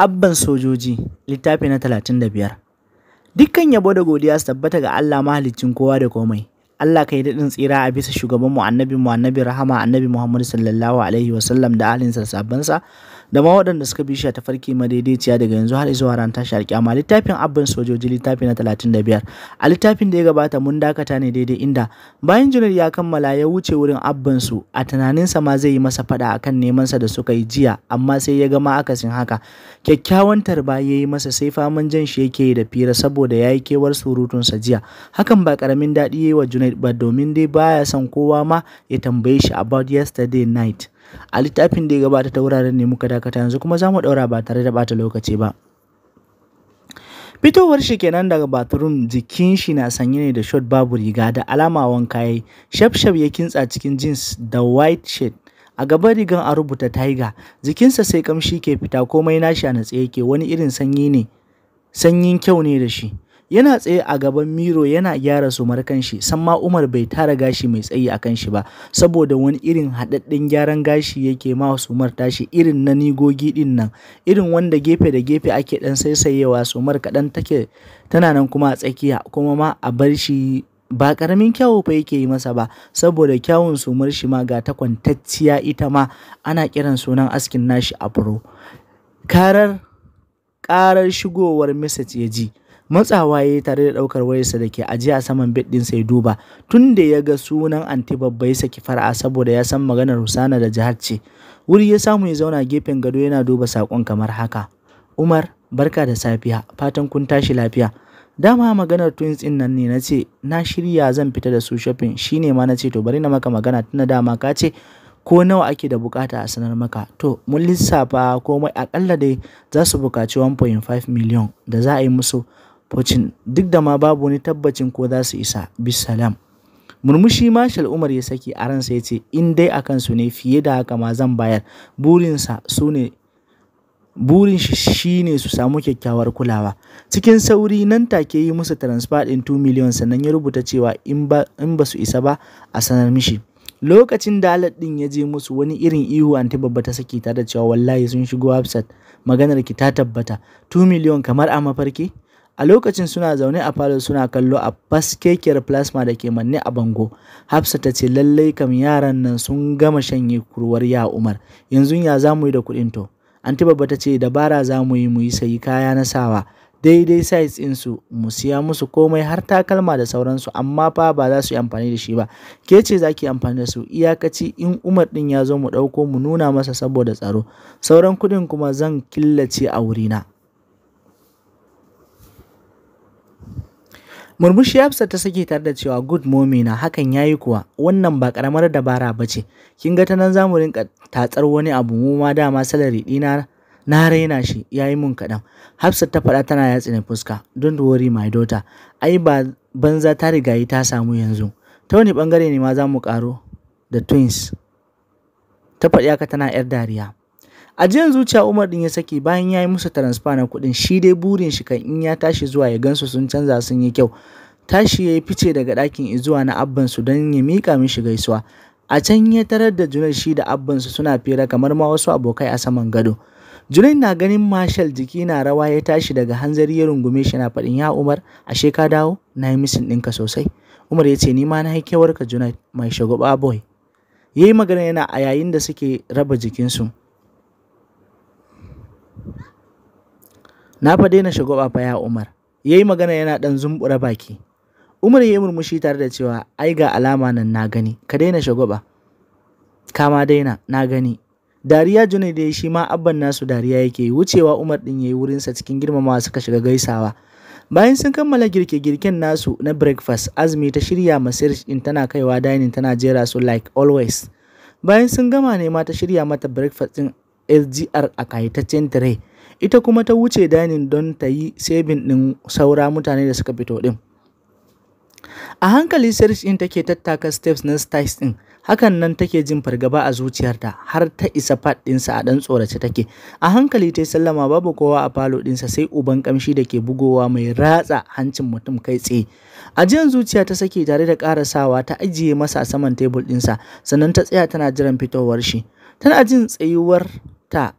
Abban Sojoji, littafi na talatin da biyar. Dukkan yabo da godiya su tabbata ga Allah mahaliccin kowa da komai. Allah ka yi daɗin tsira a bisa shugabanmu annabi mu annabi rahama annabi Muhammadu sallallahu alaihi wasallam da ahalinsa sabbansa da ma waɗanda suka bi shi a tafarki madaidaiciya daga yanzu har zuwa ran tashi alƙiyama littafin abban sojoji littafi na 35 a littafin da ya gabata mun dakata ne daidai inda bayan janar ya kammala ya wuce wurin abban su a tunaninsa ma zai yi masa fada akan neman sa da suka yi jiya amma sai ya gama akasin haka kyakkyawan tarba ya yi masa sai faman jan shi yake yi da fira saboda ya yi kewar sa jiya hakan ba karamin daɗi ya yi wa Junaid ba domin dai baya son kowa ma ya tambaye shi about yesterday night a littafin da ya gabata ta wuraren ne muka dakata yanzu kuma za mu ɗaura ba tare da bata lokaci ba fitowar shi kenan daga bathroom jikin shi na sanye ne da shot babu riga da alama wanka yayi shaf shaf ya kintsa cikin jeans da white shirt a gaban rigan a rubuta tiger jikinsa sai kamshi ke fita komai nashi a natse yake wani irin sanyi ne sanyin kyau ne da shi yana tsaye a gaban miro yana gyara sumar kanshi samma umar bai tara gashi mai tsayi a kanshi ba saboda wani irin haɗaɗɗen gyaran gashi yake ma sumar tashi irin na nigogi din nan irin wanda gefe da gefe ake ɗan saisayewa sumar kaɗan take tana nan kuma a tsakiya kuma ma a bar shi ba karamin kyawu fa yake yi masa ba saboda kyawun sumar shi ma ga takwantacciya ita ma ana kiran sunan askin nashi furo karar karar shigowar message ya ji matsawa ya yi tare da ɗaukar wayarsa da ke ajiye a saman bed ɗinsa ya duba tun da ya ga sunan anti babba ya saki fara'a saboda ya san maganar rusana da jihar ce wuri ya samu ya zauna gefen gado yana duba saƙon kamar haka umar barka da safiya fatan kun tashi lafiya dama maganar twins ɗin nan ne na ce na shirya zan fita da su shopping shine ma na ce to bari na maka magana da dama ka ce ko nawa ake da bukata a sanar maka to mun lissafa komai akalla dai za su bukaci 1.5 miliyan da za a yi musu Putin duk da ma babu wani tabbacin ko za su isa bisalam. Murmushi Marshal Umar ya saki a ransa ya ce in dai a kansu ne fiye da haka ma zan bayar burin shi ne su samu kyakkyawar kulawa cikin sauri nan take yi musu transfer din 2 million sannan ya rubuta cewa in ba su isa ba a sanar mishi lokacin da alat din ya je musu wani irin ihu anti babba ta saki ta da cewa wallahi sun shigo website maganar ki ta tabbata 2 million kamar a mafarki a lokacin suna zaune a falo suna kallo a faskekiyar plasma da ke manne a bango hafsa ta ce lallai kam yaran nan sun gama shanye kurwar ya umar yanzu ya za mu yi da kuɗin to anti babba ta ce dabara za mu yi mu yi sayi kaya na sawa daidai size su, mu siya musu komai har takalma da sauransu amma fa ba za su yi amfani da shi ba ke ce za ki amfani da su iyakaci in umar ɗin ya zo mu ɗauko mu nuna masa saboda tsaro sauran kuɗin kuma zan killace a wurina Murmushi Hafsat ta sake tare da cewa good mommy na hakan yayi kuwa wannan ba karamar dabara ba ce. Kin ga ta nan zamu rinka tatsar wani abu mu ma dama salary dina na raina shi yayi mun kaɗan. Hafsat ta faɗa tana ne fuska. don worry my daughter. Ai ba banza ta riga yi ta samu yanzu. Ta wani bangare ne ma zamu mu ƙaro da twins. Ta faɗi haka tana 'yar dariya. a jiyan zuciya Umar din ya saki bayan ya yi musu transfer na kuɗin shi dai burin shi kan in ya tashi zuwa ya gansu sun canza sun yi kyau. Tashi ya yi fice daga ɗakin izuwa na abban su don ya miƙa mishi gaisuwa. A can ya tarar da junar shi da abban su suna fira kamar ma wasu abokai a saman gado. junan na ganin Marshal jiki na rawa ya tashi daga hanzari ya rungume shi na faɗin ya Umar ashe ka dawo na yi misin ɗinka sosai. Umar ya ce ni ma na haikewarka Junaid mai shagwaba boy. Ya yi magana yana a yayin da suke raba jikinsu. Na fa daina shagwaɓa fa ya Umar. yayi magana yana ɗan zumbura baki. Umar yayi murmushi tare da cewa ai ga alama nan na gani, ka daina "Ka Kama daina, na gani. Dariya Junaid dai shi ma abban nasu dariya yake wucewa Umar din yayi wurin sa cikin girmamawa suka shiga gaisawa. Bayan sun kammala girke-girken nasu na breakfast, Azumi ta shirya masirj din tana kaiwa dining tana jera su like always. Bayan sun gama ne ma ta shirya mata breakfast din L.G.R a kayataccen tire Ita kuma ta wuce dining don ta yi saving ɗin saura mutane da suka fito ɗin. A hankali search ɗin take tattaka steps na styles ɗin, hakan nan take jin fargaba a zuciyarta har ta isa fat ɗinsa a ɗan tsorace take. A hankali ta sallama babu kowa a falo ɗinsa sai uban kamshi da ke bugowa mai ratsa hancin mutum kai tsaye. Ajiyan zuciya ta sake tare da ƙarasawa ta ajiye masa a saman tebul ɗinsa sannan ta tsaya tana jiran fitowar shi. Tana jin tsayuwar ta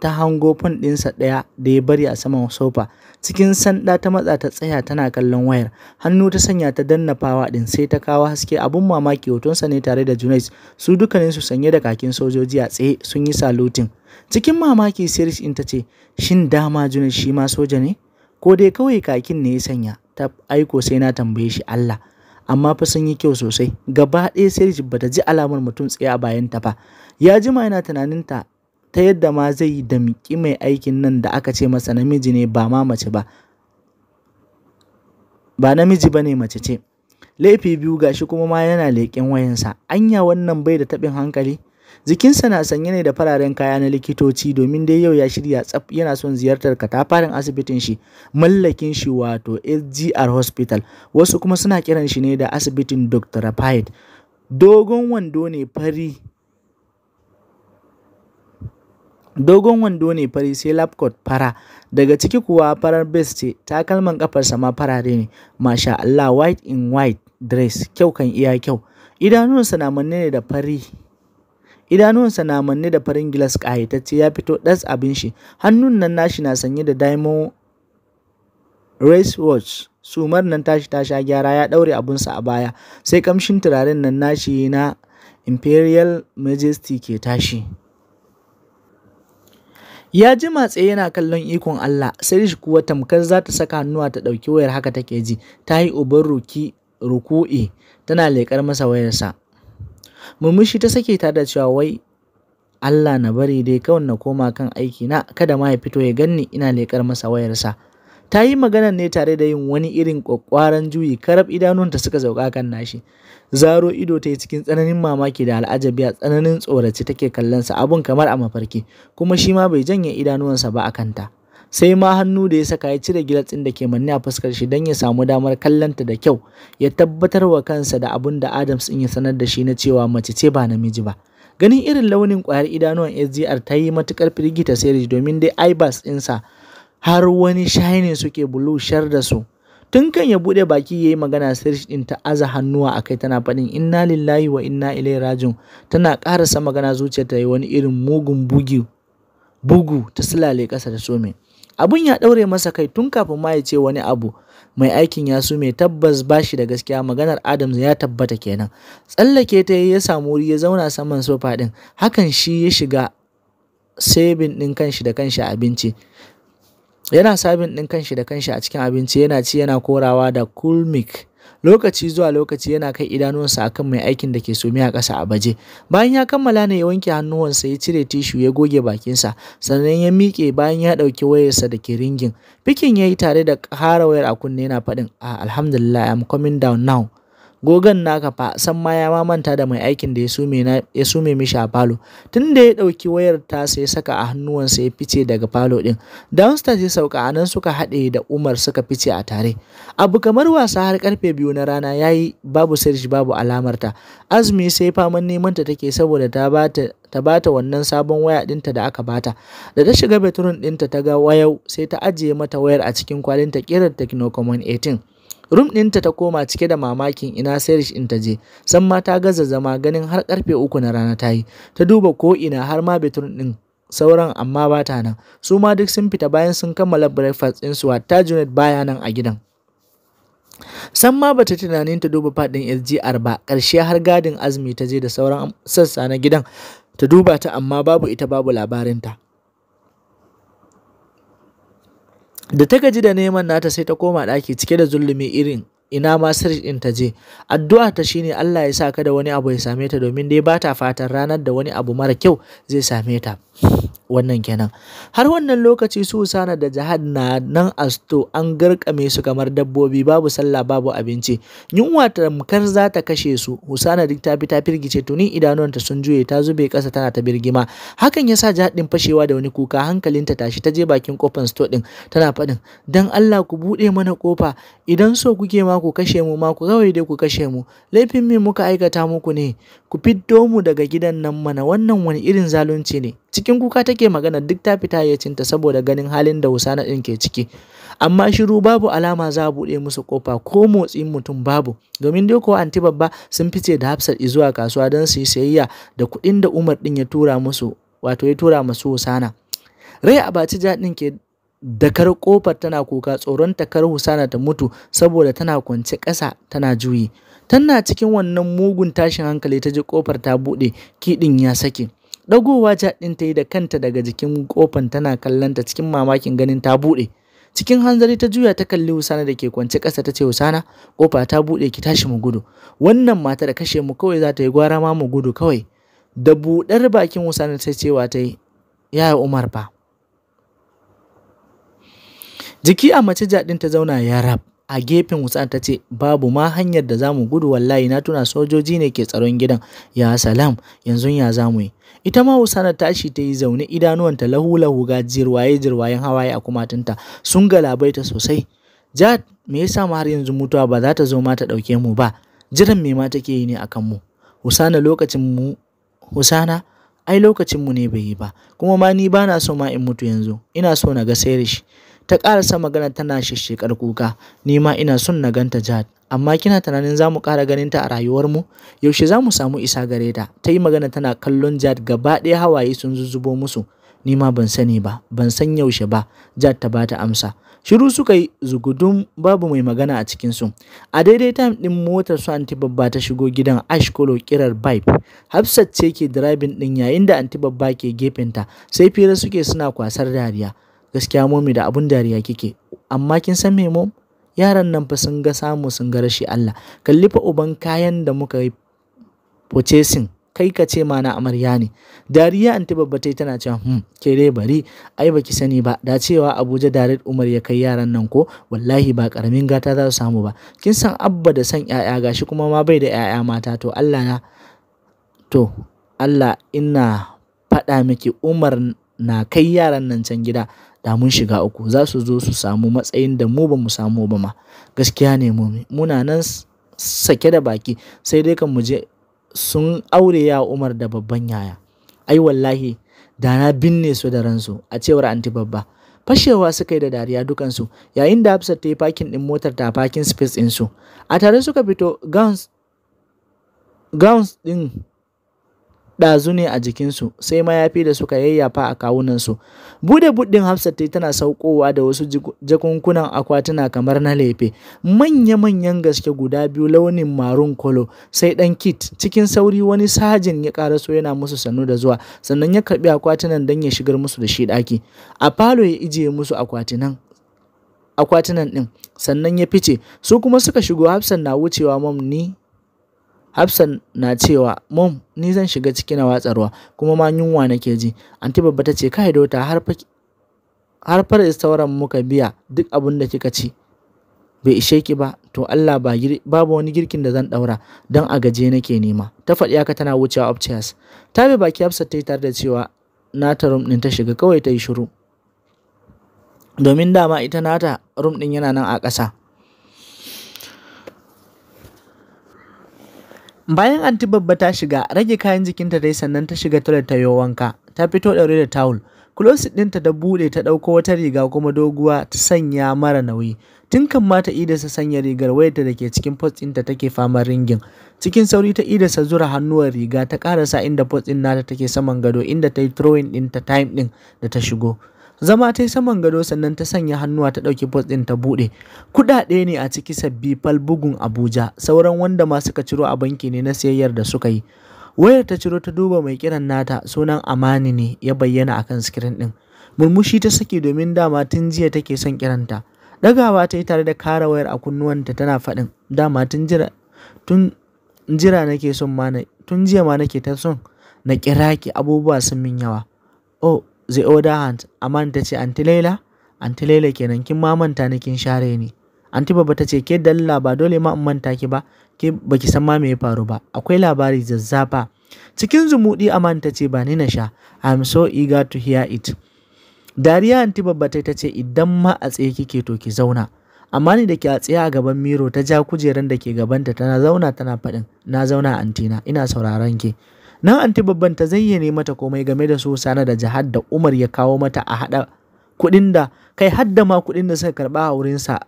ta hango fan ɗinsa ɗaya da ya bari a saman sofa cikin sanda ta matsa ta tsaya tana kallon wayar hannu ta sanya ta danna fawa ɗin sai ta kawo haske abun mamaki hotonsa ne tare da junais su su sanye da kakin sojoji a tsaye sun yi salutin cikin mamaki sirish in ta ce shin dama junais shi ma soja ne ko dai kawai kakin ne ya sanya ta aiko sai na tambaye shi allah amma fa sun yi kyau sosai gaba ɗaya sirish bata ji alamar mutum tsaye a bayanta ba ya jima yana tunaninta ta yadda ma zai yi damƙi mai aikin nan da aka ce masa namiji ne ba ma mace ba ba namiji ba ne mace ce laifi biyu gashi kuma ma yana leƙen wayansa anya wannan bai da taɓin hankali jikinsa na sanye ne da fararen kaya na likitoci domin dai yau ya shirya tsaf yana son ziyartar katafaren asibitin shi mallakin shi wato sgr hospital wasu kuma suna kiran shi ne da asibitin dr pied dogon wando ne fari dogon wando ne fari sai labkot fara daga ciki kuwa farar bes ce takalman kafarsa ma farare ne masha Allah white in white dress kyau kan iya kyau idanunsa na manne da fari idanunsa na manne da farin gilas ƙayatacce ya fito ɗas abin shi hannun nan nashi na sanye da diamond race watch sumar nan tashi ta sha gyara ya ɗaure abunsa a baya sai kamshin turaren nan nashi na imperial majesty ke tashi ya ji matse yana kallon ikon Allah sai shi kuwa tamkar za ta saka hannuwa ta ɗauki wayar haka take ji ta yi uban ruku'i tana leƙar masa wayarsa murmushi ta sake ta da cewa wai Allah na bari dai kawai na koma kan aiki na kada ma ya fito ya ganni ina leƙar masa wayarsa ta yi magana ne tare da yin wani irin ƙwaƙƙwaran juyi karab idanunta suka zauka kan nashi zaro ido ta yi cikin tsananin mamaki da al'ajabi a tsananin tsoraci take kallonsa abun kamar a mafarki kuma shi ma bai janye idanuwansa ba a kanta sai ma hannu da ya saka ya cire gilatsin da ke manne a fuskar shi don ya samu damar kallonta da kyau ya tabbatar wa kansa da abun da adams in ya sanar da shi na cewa mace ce ba namiji ba ganin irin launin kwayar idanuwan sgr ta yi matukar firgita sai domin dai ibas ɗinsa har wani shining suke bulu shar da su tun kan ya bude baki yayi magana sirish din ta aza hannuwa akai tana faɗin inna lillahi wa inna ilaihi rajiun tana karasa magana zuciyar ta yi wani irin mugun bugu bugu ta silale kasa da some abun ya daure masa kai tun kafin ma ya ce wani abu mai aikin ya su mai tabbas bashi da gaskiya maganar Adams ya tabbata kenan tsallake ta ya samu wuri ya zauna saman sofa din hakan shi ya shiga sebin din kanshi da kanshi abinci yana sabin ɗin kanshi da kanshi a cikin abinci yana ci yana korawa da Kulmik. lokaci zuwa lokaci yana kai idanuwansa kan mai aikin da ke sumi a ƙasa a baje bayan ya kammala ne ya wanke hannuwansa ya cire tishu ya goge bakinsa sannan ya miƙe bayan ya ɗauki wayarsa da ke ringin fikin ya yi tare da ƙara wayar a kunne yana faɗin ah, alhamdulillah i'm coming down now gogon naka fa san ma ya manta da mai aikin da ya sume mishi a falo tun da ya ɗauki wayar ta sai saka a hannuwansa ya fice daga falo ɗin downstairs ya sauka a nan suka haɗe da umar suka fice a tare abu kamar wasa har karfe biyu na rana ya yi babu sirji babu alamarta azumi sai faman nemanta take saboda ta bata ta bata wannan sabon waya dinta da aka bata da ta shiga bedroom ɗinta ta ga wayau sai ta ajiye mata wayar a cikin kwalinta kirar Techno Common 18 Rum ɗinta ta koma cike da mamakin ina sai in ta je, san ma ta gaza zama ganin har karfe uku na rana ta yi, ta duba ko ina har ma betun ɗin sauran amma ba ta nan, su ma duk sun fita bayan sun kammala breakfast su ta Junet baya nan a gidan. san ma bata tunanin ta duba fadin SGR ba ƙarshe har gadin azumi ta je da sauran sassa na gidan ta duba ta amma babu ita babu labarinta da ta gaji da neman nata sai ta koma ɗaki cike da zulumi irin ina ma sirri ɗin ta je addu'a ta shine Allah ya saka da wani abu ya same ta domin dai ba ta fatan ranar da wani abu mara kyau zai same ta wannan kenan har wannan lokaci su sana da jihad na nan asto an garkame su kamar dabbobi babu sallah babu abinci yunwa tamkar za ta kashe su husana duk ta bi ta firgice tuni idanuwanta sun juye ta zube kasa tana ta birgima hakan yasa jihad din fashewa da wani kuka hankalinta tashi ta je bakin kofar sto din tana faɗin dan Allah ku buɗe mana kofa idan so kuke ma ku kashe mu ma ku kawai dai ku kashe mu laifin me muka aikata muku ne ku fiddo mu daga gidan nan mana wannan wani irin zalunci ne cikin kuka take take magana duk ta fita hayyacinta saboda ganin halin da Husana ɗin ke ciki. Amma shiru babu alama za a buɗe musu kofa ko motsin mutum babu domin dai kuwa anti babba sun fice da Hafsat zuwa kasuwa don su yi sayayya da kuɗin da Umar ɗin ya tura musu wato ya tura musu Husana. Rai a baci ja ɗin ke dakar kofar tana kuka tsoron ta kar Husana ta mutu saboda tana kwance ƙasa tana juyi. Tana cikin wannan mugun tashin hankali ta ji kofar ta buɗe kiɗin ya sake. Ɗagowa jaɗin ta yi da kanta daga jikin kofan tana kallon cikin mamakin ganin ta buɗe. Cikin hanzari ta juya ta kalli Husana da ke kwance ƙasa ta ce Husana kofa ta buɗe ki tashi mu gudu. Wannan mata da kashe mu kawai za ta yi gwara ma mu gudu kawai. Da buɗar bakin Husana ta cewa ta yi yaya Umar fa. Jiki a mace jaɗin ta zauna ya rab. a gefen wutsa ta ce babu ma hanyar da zamu gudu wallahi na tuna sojoji ne ke tsaron gidan ya salam yanzu ya zamu yi ita ma husana tashi ta yi zaune idanuwan ta lahu lahu ga jirwaye jirwayen hawaye a kumatunta sun galabaita sosai Jad me yasa mu har yanzu mutuwa ba za ta zo ma ta dauke mu ba jiran me ma take yi ne akan mu Husana lokacin mu Usana ai lokacin mu ne bai yi ba kuma ma ni bana so ma in mutu yanzu ina so na ga sai shi ta ƙarasa magana tana shishshekar kuka ni ma ina son na ganta jihar amma kina tunanin za mu ƙara ganin ta a rayuwarmu yaushe za mu samu isa gare ta ta yi magana tana kallon jihar gaba ɗaya hawaye sun zuzzubo musu ni ma ban sani ba ban san yaushe ba jihar ta bata amsa shiru suka yi zugudun babu mai magana a cikinsu a daidai time ɗin motar su anti babba ta shigo gidan ash kolo kirar vibe hafsat ce ke driving ɗin yayin da anti babba ke gefenta sai fira suke suna kwasar dariya gaskiya momi da abun dariya kike amma kin san me mom yaran nan fa sun ga samu sun ga rashi Allah kalli fa uban kayan da muka yi purchasing kai ka ce mana amarya ne dariya anti babba tai tana cewa hmm ke dai bari ai baki sani ba da cewa Abuja Darid Umar ya kai yaran nan ko wallahi ba karamin gata za su samu ba kin san abba da san yaya gashi kuma ma bai da yaya mata to Allah na to Allah ina faɗa miki Umar na kai yaran nan can gida da mun shiga uku za su zo su samu matsayin da mu ba mu samu ba ma gaskiya ne mu muna nan sake da baki sai dai kan mu je sun aure ya Umar da babban yaya ai wallahi da na binne su da ransu a cewar anti babba fashewa suka yi da dariya dukansu yayin da Hafsat ta yi parking din motar ta parking space din su a tare suka fito gowns gowns din ɗazu ne a jikinsu sai mayafi da suka yayyafa a kawunansu bude buɗin hafsat tana saukowa da wasu jakunkunan akwatuna kamar na lefe manya-manyan gaske guda biyu launin marun kolo sai ɗan kit cikin sauri wani sajin ya karaso yana musu sannu da zuwa sannan ya karɓi akwatunan don ya shigar musu da shi ɗaki a falo ya ijiye musu akwatunan akwatunan ɗin sannan ya fice su kuma suka shigo hafsan na wucewa mam ni Hafsan na cewa, "Mom, ni zan shiga ciki na watsarwa, kuma ma yunwa nake ji." Anti babba ta ce, "Kai dota har fa har fa restaurant muka biya duk abin da kika ci. Bai ishe ki ba, to Allah ba babu wani girkin da zan daura don a gaje nake nema." Ta faɗi haka tana wucewa upstairs. Ta bi baki Hafsat ta yi tare da cewa nata room ɗin ta shiga kawai ta yi shiru. Domin dama ita nata room ɗin yana nan a ƙasa. Bayan anti babba ta shiga, rage kayan jikinta dai sannan ta shiga toilet ta wanka. Ta fito ɗaure da tawul. kulosi ɗinta da buɗe ta ɗauko wata riga kuma doguwa ta sanya mara nauyi. Tun kan ma ta sa sanya rigar wayarta da ke cikin post ɗinta take fama ringin. Cikin sauri ta sa zura hannuwar riga ta ƙarasa inda post ɗin nata take saman gado inda ta yi throwing ɗinta time ɗin da ta shigo. zama ta yi saman gado sannan ta sanya hannuwa ta ɗauki post ɗin ta buɗe kuɗaɗe ne a ciki sabbi fal bugun abuja sauran wanda ma suka ciro a banki ne na sayayyar da suka yi wayar ta ciro ta duba mai kiran nata sunan amani ne ya bayyana akan sikirin ɗin murmushi ta saki domin dama tun jiya take son kiranta ɗagawa ta yi tare da kara wayar a kunnuwanta tana faɗin dama tun jira ma tun jiya ma nake ta son na kira ki abubuwa sun min yawa oh the other hand aman ta ce anti laila anti laila kenan kin ma manta ni kin share ni anti baba ta ce ke dalla ba dole ma in manta ki ba ke baki san ma me ya faru ba akwai labari zazzafa cikin zumudi aman ta ce ba ni na sha i'm so eager to hear it dariya anti baba ta ce idan ma a tsaye kike to ki zauna amma ni da ke a tsaye a gaban miro ta ja kujeran da ke gabanta tana zauna tana faɗin na zauna antina ina sauraron ki Nan anti babban ta zayyane mata komai game da su sana da jihad da Umar ya kawo mata a hada kudin da kai hadda ma kuɗin da suka karɓa a sa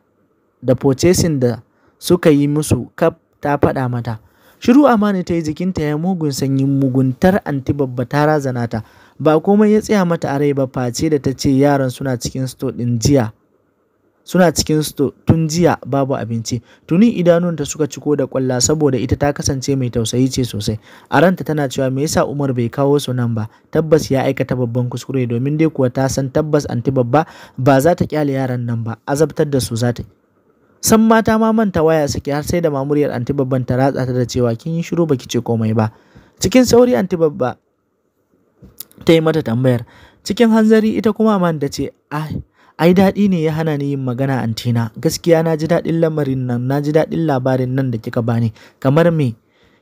da purchasing da suka yi musu kaf ta faɗa mata. Shiru amana ta yi jikinta ya mugun sanyi muguntar anti babba ta razana ta ba komai ya tsaya mata a rai ba face da ta ce yaran suna cikin sto din jiya suna cikin su tun jiya babu abinci tuni idanunta suka ciko da kwalla saboda ita ta kasance mai tausayi ce sosai a ranta tana cewa me yasa Umar bai kawo su nan ba tabbas ya aikata babban kuskure domin dai kuwa ta san tabbas anti babba ba za ta kyale yaran nan ba azabtar da su za ta san mata ma manta waya suke har sai da mamuriyar anti babban ta ratsa ta da cewa kin yi shiru baki ce komai ba cikin sauri anti babba ta yi mata tambayar cikin hanzari ita kuma man da ce ai ai daɗi ne ya hana ni yin magana antina gaskiya na ji daɗin lamarin nan na ji daɗin labarin nan da kika bani kamar me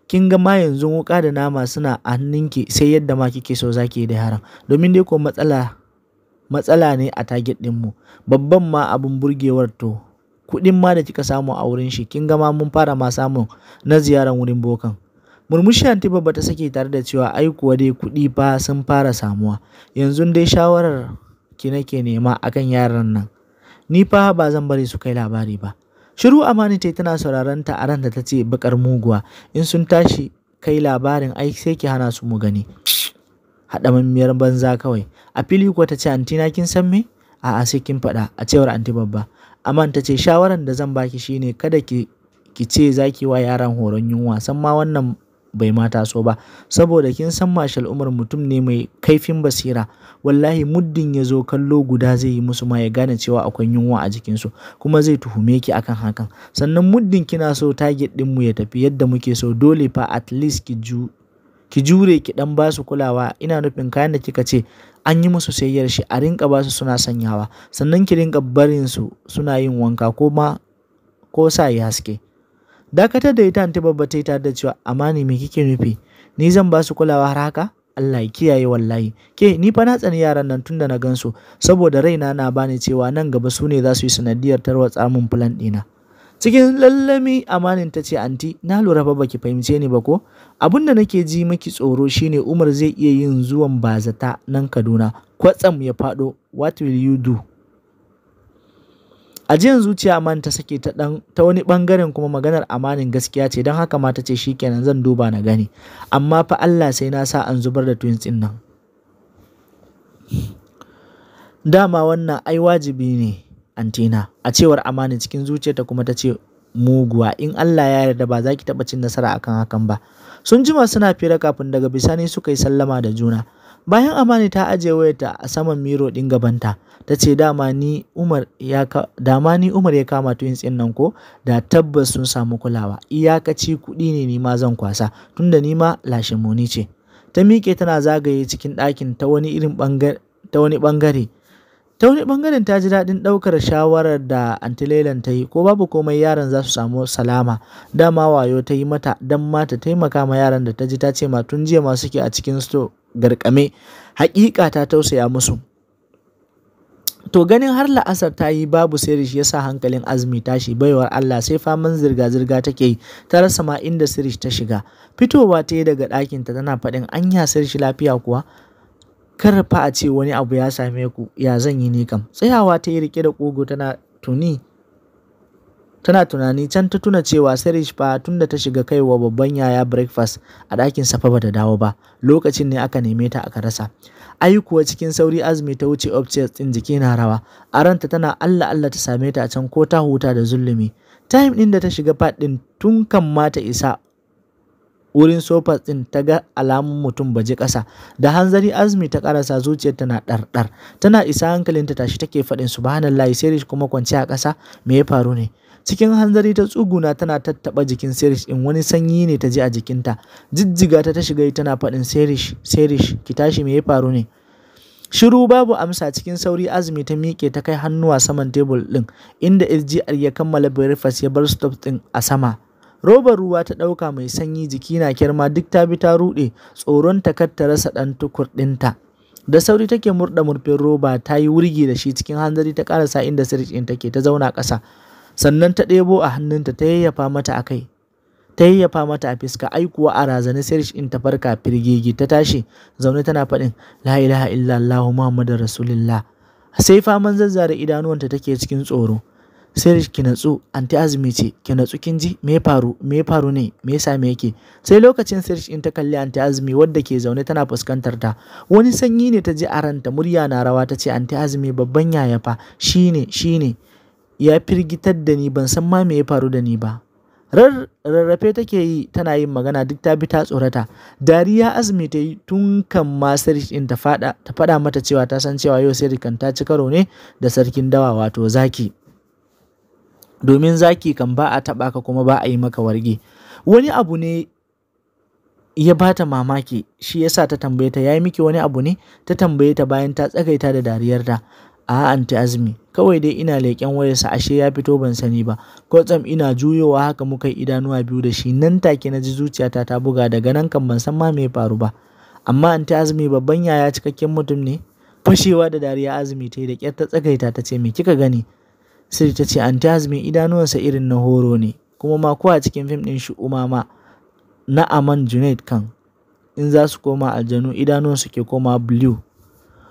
kin ga ma yanzu wuka da nama suna a hannunki sai yadda ma kike so zaki da yaran. domin dai ko matsala matsala ne a target mu. babban ma abin burgewar to kuɗin ma da kika samu a wurin shi kin ga ma mun fara ma samun na ziyarar wurin bokan murmushi babba ta sake tare da cewa ai kuwa dai kuɗi fa sun fara samuwa yanzu dai shawarar ki nake nema akan yaran nan ni fa ba zan bari su kai labari ba shiru amani tai tana sauraron ta a ranta ta ce bakar muguwa in sun tashi kai labarin ai sai ki hana su mu gani mamiyar banza kawai a fili ko ta ce antina kin san me a'a sai kin faɗa a cewar anti babba aman ta ce shawaran da zan baki shine kada ki ki ce zaki ki wa yaran horon yunwa san ma wannan bai mata so ba saboda kin san mashal umar mutum ne mai kaifin basira wallahi muddin ya zo kallo guda zai yi musu ma ya gane cewa akwai yunwa a jikin su kuma zai tuhume ki akan hakan sannan muddin kina so target mu ya tafi yadda muke so dole fa at least ki ju ki jure ki dan basu kulawa ina nufin kayan da kika ce an yi musu sayayyar shi a rinka basu suna sanyawa sannan ki rinka barin su suna yin wanka ko ma ko sa yi haske dakatar da ita anti ta yi da cewa amani me kike nufi ni zan ba su kulawa har haka Allah ya kiyaye wallahi ke ni fa na tsani yaran nan tunda na gansu saboda raina na bani cewa nan gaba su ne za su yi sanadiyar tarwa tsamin plan ɗina cikin lallami amanin ta ce anti na lura fa baki fahimce ni ba ko abin da nake ji miki tsoro shine Umar zai iya yin zuwan bazata nan Kaduna kwatsam ya faɗo what will you do A jiyan zuciya man ta sake ta dan ta wani bangaren kuma maganar amanin gaskiya ce don haka ma ta ce kenan zan duba na gani amma fa Allah sai na sa an zubar da twins din nan dama wannan ai wajibi ne antina a cewar amani cikin zuciyarta kuma ta ce muguwa in Allah ya yarda ba za ki taɓa cin nasara akan hakan ba sun jima suna fira kafin daga bisani suka yi sallama da juna Bayan Amani ta ajiye wayarta a saman miro ɗin gabanta, ta ce dama ni Umar ya kama twins ɗin nan ko da tabbas sun samu kulawa, iyakaci kuɗi ne nima zan kwasa tunda nima muni ce. Ta miƙe tana zagaye cikin ɗakin ta wani irin ta wani ɓangare. ta wani bangaren ta ji daɗin ɗaukar shawarar da antilelan ta yi ko babu komai yaran za su samu salama dama wayo ta yi mata don mata ta taimaka ma yaran da ta ji ta ce ma tun jiya ma suke a cikin sto garkame haƙiƙa ta tausaya musu to ganin har la'asar ta yi babu sirri ya sa hankalin azumi tashi baiwar Allah sai faman zirga-zirga take yi ta rasa ma inda sirri ta shiga fitowa ta yi daga ɗakinta tana faɗin anya sirri lafiya kuwa kar fa a ce wani abu ya same ku ya zan yi ni kam tsayawa ta yi rike da kogo tana tuni Tana tunani can ta tuna cewa Sirish fa tunda ta shiga kaiwa babban yaya breakfast a ɗakin safa ta dawo ba, lokacin ne aka neme ta aka rasa. Ai cikin sauri azumi ta wuce upstairs ɗin jiki na rawa, a ranta tana Allah Allah ta same ta a can ko ta huta da zulumi. Time ɗin da ta shiga part din tun kan mata isa wurin sofas ɗin ta ga alamun mutum baje ƙasa da hanzari azumi ta karasa zuciyar na ɗarɗar tana isa hankalinta tashi take faɗin subhanallahi sai kuma kwanciya a ƙasa me ya faru ne Cikin hanzari ta tsuguna tana tattaɓa jikin serish ɗin wani sanyi ne ta ji a jikinta. Jijjiga ta ta shiga tana faɗin serish serish ki tashi me ya faru ne? Shiru babu amsa cikin sauri azumi ta miƙe ta kai hannuwa saman tebul ɗin inda SGR ya kammala breakfast ya bar stop ɗin a sama. Robar ruwa ta ɗauka mai sanyi jiki na kirma duk ta bi ta ruɗe tsoron ta kar ta rasa ɗan tukur ɗinta. da sauri take murda murfin roba ta yi wurgi da shi cikin hanzari ta karasa inda sirrin take ta zauna ƙasa sannan ta ɗebo a hannunta ta yayyafa mata a kai ta yayyafa mata a fiska ai kuwa a razane sai in ta farka firgigi ta tashi zaune tana faɗin la ilaha illallah muhammadar rasulillah sai faman zazzare idanuwanta take cikin tsoro sai ki natsu anti azumi ce ki natsu kin ji me faru me faru ne me yasa me yake sai lokacin sirish in ta kalli anti azumi wadda ke zaune tana fuskantar ta wani sanyi ne ta ji a ranta murya na rawa ta ce anti azumi babban yaya fa shine shine ya firgitar da ni ban san ma me ya faru da ni ba rarrafe take yi tana yin magana duk ta bi ta tsorata dariya azumi ta yi tun kan ma sarki din ta fada ta fada mata cewa ta san cewa yau rikan ta ci karo ne da sarkin dawa wato zaki domin zaki kan ba a taba ka kuma ba a yi maka warge wani abu ne ya bata mamaki shi yasa ta tambaye ta yayi miki wani abu ne ta tambaye ta bayan ta tsagaita da dariyarta a anti azumi Kawai dai ina leƙen wayarsa ashe ya fito ban sani ba. tsam ina juyowa haka muka yi idanuwa biyu da shi nan take na ji zuciyata ta buga daga nan kan ban san ma me faru ba. Amma anti Azumi babban yaya cikakken mutum ne. Fashewa da dariya Azumi ta yi da ƙyar ta tsagaita ta ce me kika gani? sai ta ce anti Azumi idanuwansa irin na horo ne kuma ma ko a cikin fim ɗin shi umama na Aman Junaid kan in za su koma aljanu idanuwansu ke koma blue.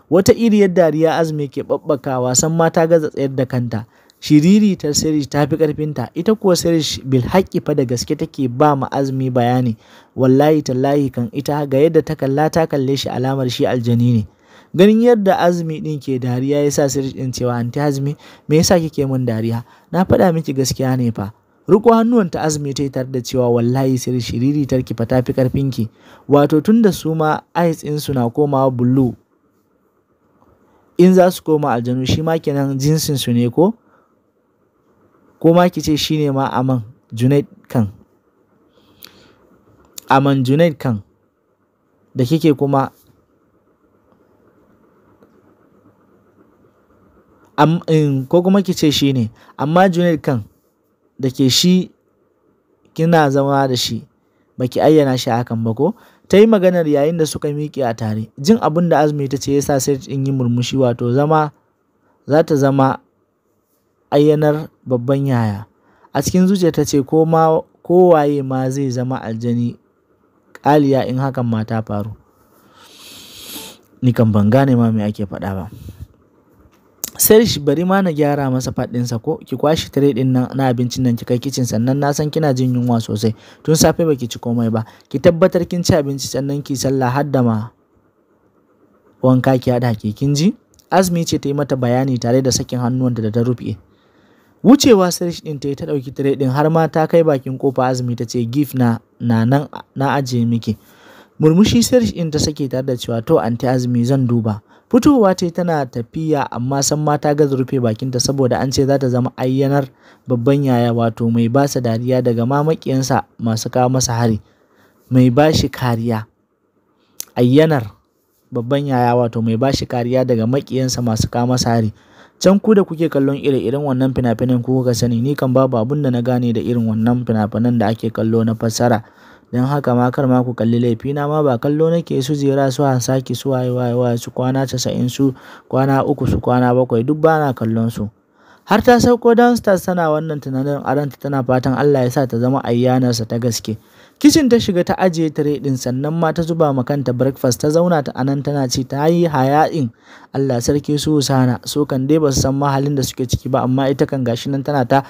wata iriyar dariya azumi ke ɓaɓɓakawa san mata gaza tsayar da kanta shiriri ta sirish ta fi karfinta ita kuwa sirish bil haƙƙi fa da gaske take ba ma azumi bayani wallahi tallahi kan ita ga yadda ta kalla ta kalle shi alamar shi aljani ne ganin yadda azumi din ke dariya ya sa sirish din cewa anti azumi me yasa kike mun dariya na faɗa miki gaskiya ne fa hannuwan ta azumi ta yi tare da cewa wallahi sirri shiriri tarki fa ta fi karfinki wato tunda su ma din su na komawa blue in za su koma aljanu shi ma kenan jinsin su ne ko ko ma ki ce shine ma aman junaid kan aman junaid kan da kike kuma Am, in, ko kuma ki ce shi ne amma junaid kan da ke shi kina zama da shi baki ayyana shi hakan ba ko ta yi maganar yayin da suka miƙe a tare jin abin da azumi ta ce ya sa sai in yi murmushi wato zama za ta zama ayyanar babban yaya a cikin zuciya ta ce ko ma kowaye ma zai zama aljani ƙaliya in hakan mata faru ni ban gane ma me ake faɗa ba Serge bari ma na gyara masa sa ko ki kwashi tire ɗin nan na abincin nan ki kai kicin sannan na san kina jin yunwa sosai tun safe baki ci komai ba ki tabbatar kin ci abinci sannan ki sallah har da ma wanka ki haɗa ki kin ji Azumi ce ta yi mata bayani tare da sakin hannuwanta da ta rufe wucewa Serge ɗin ta yi ta ɗauki tire ɗin har ma ta kai bakin kofa Azumi ta ce gif na na nan na ajiye miki murmushi Serge ɗin ta sake tare da cewa to anti Azumi zan duba Fitowa ce tana tafiya amma Samma ta gaza rufe bakinta saboda an ce za ta zama ayyanar babban yaya wato mai ba sa dariya daga mamakiyansa masu kawo masa hari, mai ba shi kariya. Ayyanar babban yaya wato mai ba shi kariya daga makiyansa masu kawo masa hari. Can ku da kuke kallon ire irin wannan fina-finan ku kuka sani, ni kan babu abin da na gane da irin wannan fina-finan da ake kallo na fassara. Don haka ma kar ma ku kalli laifina ma ba kallo nake su jera su saki su waye waye waye su kwana casa'in su kwana uku su kwana bakwai duk ba na kallon su. Har ta sauko downstairs tana wannan tunanin aranta tana fatan Allah ya sa ta zama ayyanarsa ta gaske. Kicin ta shiga ta ajiye tire din sannan ma ta zuba ma kanta breakfast ta zauna ta anan tana ci ta yi hayaƙin Allah sarki su Husana su kan dai ba su san mahalin da suke ciki ba amma ita kan gashi nan tana ta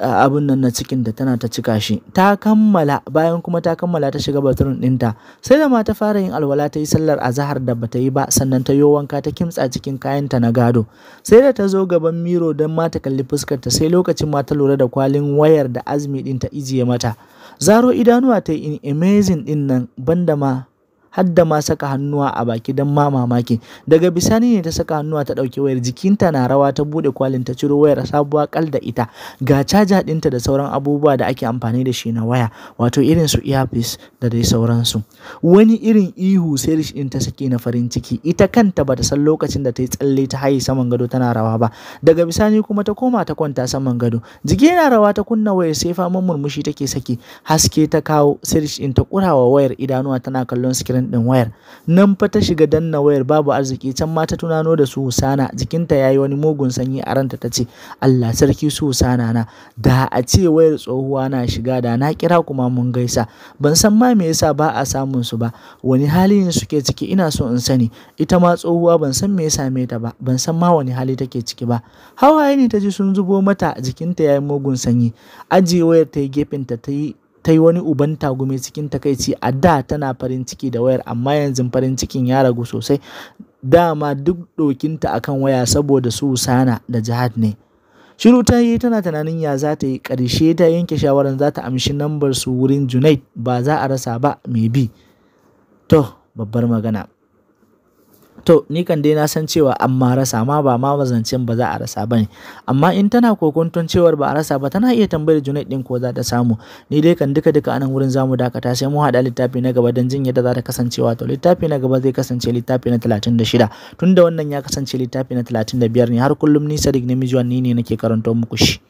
abin nan na cikin da tana ta cika shi ta kammala bayan kuma ta kammala ta shiga baturin ɗinta sai da ma ta fara yin alwala ta yi sallar azahar da bata yi ba sannan ta yi wanka ta kimtsa cikin kayanta na gado sai da ta zo gaban miro don ma ta kalli ta sai lokacin ma ta lura da kwalin wayar da azumi ɗin ta ijiye mata zaro idanuwa ta yi in amazing ɗin nan banda ma har ma saka hannuwa a baki don ma mamakin daga bisani ne ta saka hannuwa ta ɗauki wayar jikinta na rawa ta bude kwalin ta ciro wayar sabuwa kal da ita ga caja dinta da sauran abubuwa da ake amfani da shi na waya wato irin su earpiece da dai sauransu wani irin ihu sai rish ta saki na farin ciki ita kanta bata san lokacin da ta yi tsalle ta haye saman gado tana rawa ba daga bisani kuma ta koma ta kwanta saman gado jiki yana rawa ta kunna wayar sai faman murmushi take saki haske ta kawo sai din ta kurawa wayar idanuwa tana kallon sikirin ɗin wayar nan fa ta shiga danna wayar babu arziki can ma ta tunano da su husana jikinta yayi wani mugun sanyi a ranta ta ce Allah sarki su husana na da a ce wayar tsohuwa na shiga da na kira kuma mun gaisa ban san ma me yasa ba a samun su ba wani hali ne suke ciki ina so in sani ita ma tsohuwa ban san me ya same ta ba ban san ma wani hali take ciki ba hawaye ne ta ji sun zubo mata jikinta yayi mugun sanyi ajiye wayar ta yi gefenta ta yi ta yi wani uban tagumi cikin takaici a da tana farin ciki da wayar amma yanzu farin cikin ya ragu sosai dama duk ɗokinta kan waya saboda su sana da jihad ne shiru ta yi tana tunanin ya za ta yi ƙarshe ta yanke shawarar za ta amshi nambar su wurin junaid ba za a rasa ba mai bi to babbar magana to ni kan dai na san cewa amma rasa ma ba ma mazancin ba za a rasa bane amma in tana kokonton cewar ba a rasa ba tana iya tambayar Junaid din ko za ta samu ni dai kan duka duka anan wurin zamu dakata sai mu hada littafi na gaba dan jin yadda za ta kasancewa to littafi na gaba zai kasance littafi na 36 tunda wannan ya kasance littafi na 35 ne har kullum ni Sadiq Namijuan ni ne nake karanto muku shi